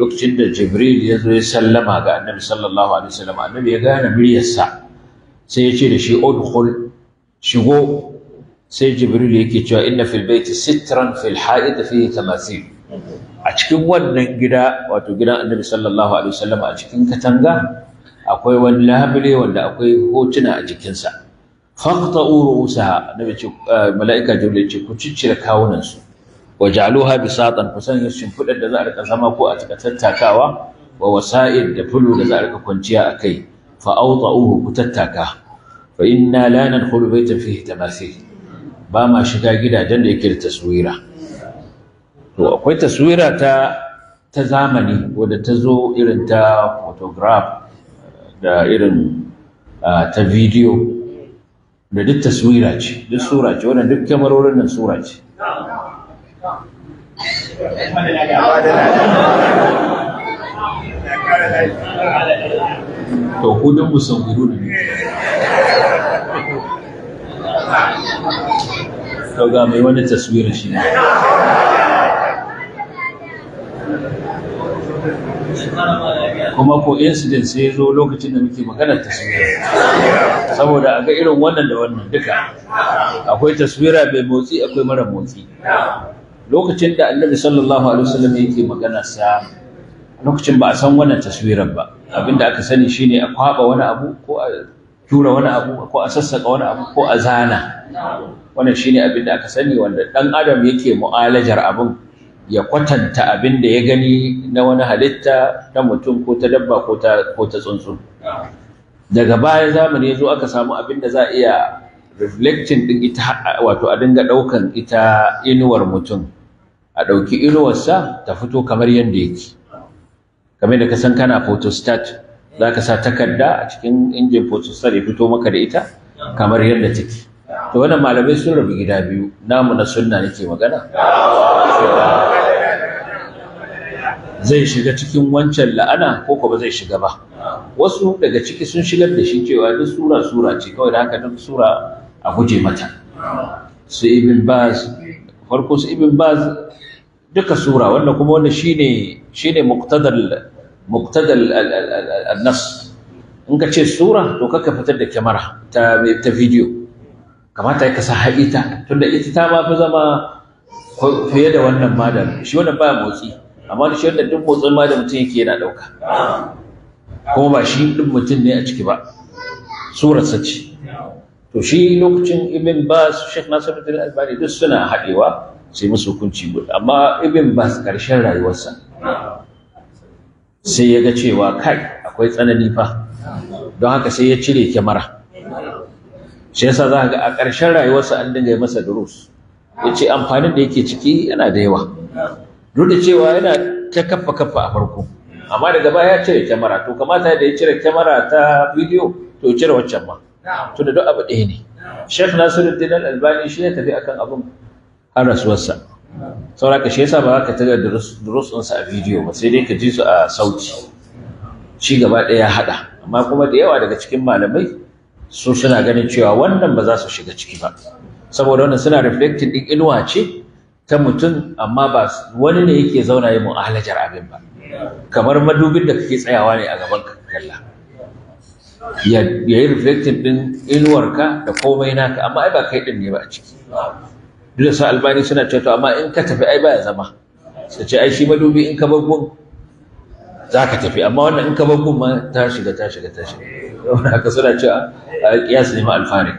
lokacin da jibril ya zo ya sallama ga annabi sallallahu alaihi wasallam annabi ya gane muryarsa sai ya ce da shi udkhul shigo sai jibril yake cewa inna fil baiti sitran fil ha'id fihi tamathil a cikin wannan gida wato gidan annabi sallallahu alaihi wasallam a cikin katanga akwai wani labule wanda akwai hotuna a jikinsa faqta'u ru'usaha annabi ce mala'ika jibril ce ku ciccire kawunansu waj'aluha bisatan ku sanya shimfiɗar da za a rika zama ko a cika tattakawa wa wasa'id da fulu da za a rika kwanciya kai, fa awta'uhu ku tattaka fa inna la nadkhulu baytan fihi tamathil ba ma shiga gidajen da yake da taswira to akwai taswira ta ta zamani wadda ta zo irin ta photograph da irin ta video da duk taswira ce duk sura ce wannan duk kyamarorin nan sura ce to ku duk musamman ne to ga mai wani taswirar shi ne kuma ko incident sai zo lokacin da muke maganar taswira saboda a ga irin wannan da wannan duka akwai taswira bai motsi akwai mara motsi lokacin da annabi sallallahu alaihi wasallam yake magana sa lokacin ba a san wannan taswirar ba abinda aka sani shine a kwaba wani abu ko a tura wani abu ko a sassaka wani abu ko a zana wannan shine abinda aka sani wanda dan adam yake mu'alajar abin ya kwatanta abin da ya gani na wani halitta ta mutum ko ta dabba ko ta ko ta tsuntsu daga baya zamani ya zo aka samu abin da za a iya reflecting din ita wato a dinga daukan ita inuwar mutum a ɗauki inuwarsa ta fito kamar yadda yake kamar da ka san kana photostat za ka sa takarda a cikin injin photostat ya fito maka da ita kamar yadda take to wannan malamai sun rabu gida biyu namu na sunna nake magana zai shiga cikin wancan la'ana ko kuma zai shiga ba wasu daga ciki sun shigar da shi cewa duk sura sura ce kawai da haka duk sura a guje mata su ibn baz farko su ibn baz duka sura wannan kuma wannan shine shine muqtadal muqtadal an-nas in ka ce sura to kaka fitar da kyamara ta ta video kamata ya kasa haƙita tunda ita ta ma fi zama fiye da wannan madan shi wannan baya motsi amma shi wannan duk motsin ma da mutum yake yana ɗauka kuma ba shi ɗin mutum ne a ciki ba surar sace to shi lokacin ibn bas shekh nasiruddin albani duk suna haɗewa sai musu hukunci guda amma ibn bas karshen rayuwarsa sai ya ga cewa kai akwai tsanani fa don haka sai ya cire kyamara shi yasa za ga a ƙarshen rayuwarsa an dinga masa durus ya ce amfanin da yake ciki yana da yawa duk da cewa yana ta kafa kafa a farko amma daga baya ya cire kyamara to kamata da ya cire kyamara ta bidiyo to ya cire wancan ma to da duk abu ɗaya ne Sheikh Nasiruddin Al-Albani shi ya tafi akan abin har rasuwarsa sauraka shi yasa ba ka tada durusunsa a bidiyo ba sai dai ka ji su a sauti ci gaba ɗaya haɗa amma kuma da yawa daga cikin malamai su suna ganin cewa wannan ba za su shiga ciki ba saboda wannan suna reflecting ɗin inuwa ce ta mutum amma ba wani ne yake zauna yi mu'alajar abin ba kamar madubin da kake tsayawa ne a gaban ka kalla ya yi reflecting ɗin inuwarka da komai naka amma ai ba kai ɗin ne ba a ciki duk da albani suna cewa to amma in ka tafi ai baya zama su ce ai shi madubi in ka bar gun za ka tafi amma wannan in ka bar ma ta shiga ta shiga ta shiga haka suna cewa kiyas ne ma alfari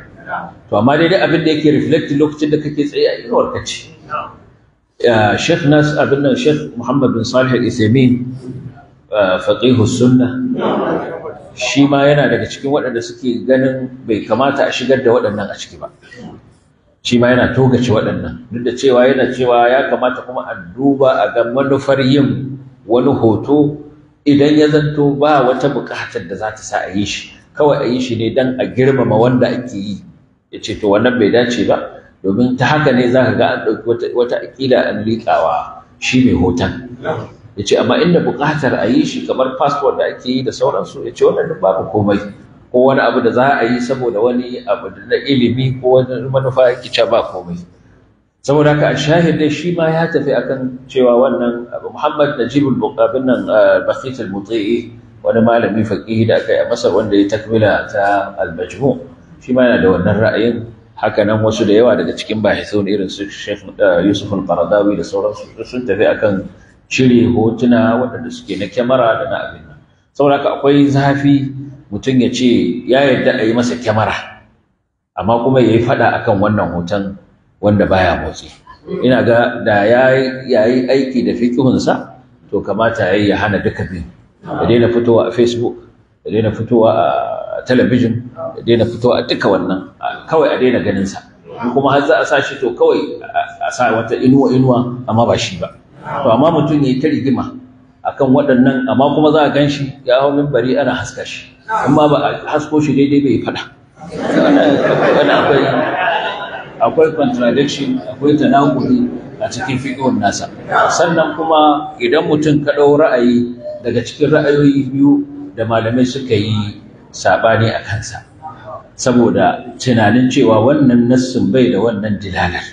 to amma daidai abin da yake reflecting lokacin da kake tsaye a inuwar ka ce Sheikh Nas abin nan Sheikh Muhammad bin Salih Al-Uthaymeen faqihu sunna shi ma yana daga cikin waɗanda suke ganin bai kamata a shigar da waɗannan a ciki ba shi ma yana togace waɗannan duk da cewa yana cewa ya kamata kuma a duba a ga manufar yin wani hoto idan ya zanto ba wata buƙatar da za ta sa a yi shi kawai a yi shi ne don a girmama wanda ake yi ya ce to wannan bai dace ba domin ta haka ne za ka ga an ɗauki wata aƙida an liƙawa shi mai hoton ya ce amma inda buƙatar a yi shi kamar fasfot da ake yi da sauransu ya ce wannan duk babu komai ko wani abu da za a yi saboda wani abu na ilimi ko wani manufa ya kica ba komai saboda haka shahid dai shi ma ya tafi akan cewa wannan abu muhammad najibul buqabin nan ah, bakit al wani malami faqihi da aka yi a masar wanda ya takmila ta al majmu shi ma yana da wannan ra'ayin haka nan wasu da yawa daga cikin bahisun irin su Sheikh ah, Yusuf al-Qaradawi da sauransu sun tafi akan cire hotuna waɗanda suke na kyamara da na abin nan saboda haka akwai zafi mutum ya ce ya yarda a yi masa kyamara amma kuma ya yi faɗa kan wannan hoton wanda baya motsi ina ga da ya yi aiki da fikihunsa to kamata ya yi ya hana duka biyu ya daina fitowa a facebook ya daina fitowa a talabijin ya daina fitowa a duka wannan kawai a daina ganinsa kuma har za a sa shi to kawai a sa wata inuwa inuwa amma ba shi ba to amma mutum ya yi ta rigima akan waɗannan amma kuma za a gan shi ya hau mimbari ana haska shi amma ba a hasko shi daidai bai faɗa akwai akwai contradiction akwai tanakuri a cikin fiƙon nasa sannan kuma idan mutum ka ɗau ra'ayi daga cikin ra'ayoyi biyu da malamai suka yi saɓani a kansa saboda tunanin cewa wannan nassin bai da wannan dilalar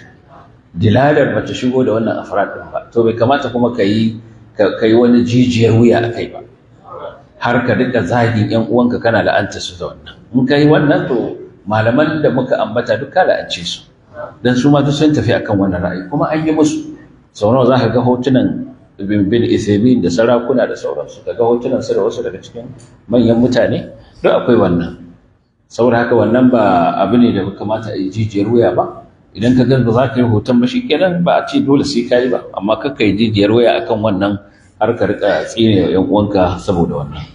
dilalar bata shigo da wannan afrad ba to bai kamata kuma ka yi wani jijiyar wuya a kai ba har ka rika zagin yan uwanka kana la'anta su da wannan in kai wannan to malaman da muka ambata duk ka la'ance su dan su ma duk sun tafi akan wannan ra'ayi kuma an yi musu sau nawa za ka ga hotunan ibn bin Uthaymeen da sarakuna da sauransu ka ga hotunan su da wasu daga cikin manyan mutane duk akwai wannan saboda haka wannan ba abu ne da kamata a yi jijiyar wuya ba idan ka ga za ka yi hoton mashi kenan ba a ce dole sai ka yi ba amma kakka yi jijiyar wuya akan wannan har ka rika tsine yan uwanka saboda wannan